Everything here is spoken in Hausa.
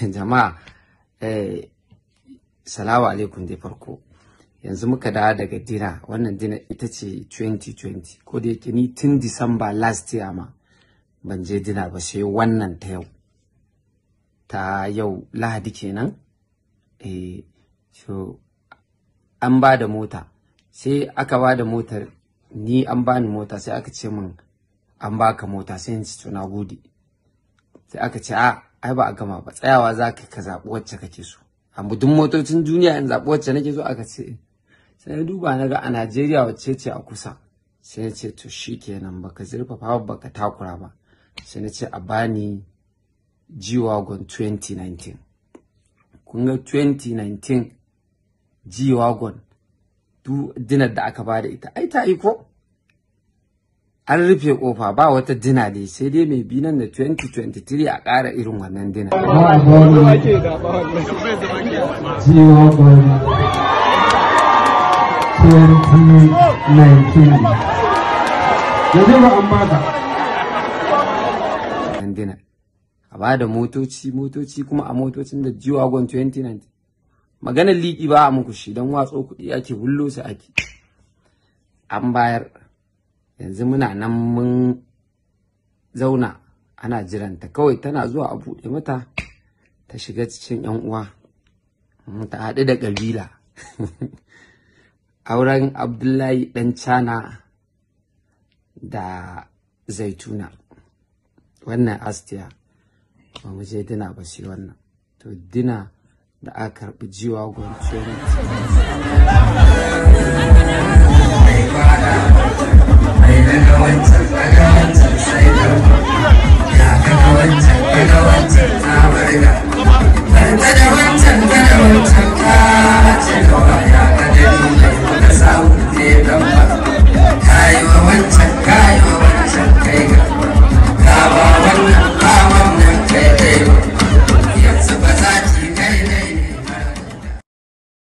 jama'a eh salamu alaikum dai farko yanzu muka da daga dina wannan dina ita ce 2020 ko da yake ni tun disamba last year ma ban je dina ba sai wannan ta yau ta yau lahadi kenan eh so an ba da mota sai aka ba da motar ni an bani mota sai aka ce min an baka mota sai in ci to sai aka ce a ah, ai ba a gama ba tsayawa za ka ka zaɓi wacce kake so amma duk motocin duniya in zaɓi wacce nake so aka ce sai na duba na ga a Najeriya wacce ce a kusa sai na ce to ba baka zurfafa ba ka takura ba sai na ce a bani G-Wagon 2019 kun ga 2019 G-Wagon dinar da aka bada ita ai ta yi ko an rufe kofa ba wata dina dai sai dai mai binan da 2023 a ƙara irin wannan dina. A ba da motoci, motoci kuma a motocin da jiwagon 2019. Maganar liƙi ba a muku shi don watso kuɗi ake hullo su ake. An bayar yanzu muna nan mun zauna ana jiranta kawai tana zuwa a buɗe mata ta shiga cikin yan uwa ta haɗu da ƙabila auren abdullahi ɗan cana da zaituna wannan astiya ba mu je dina ba shi wannan to dina da aka karɓi jiwa gwamnati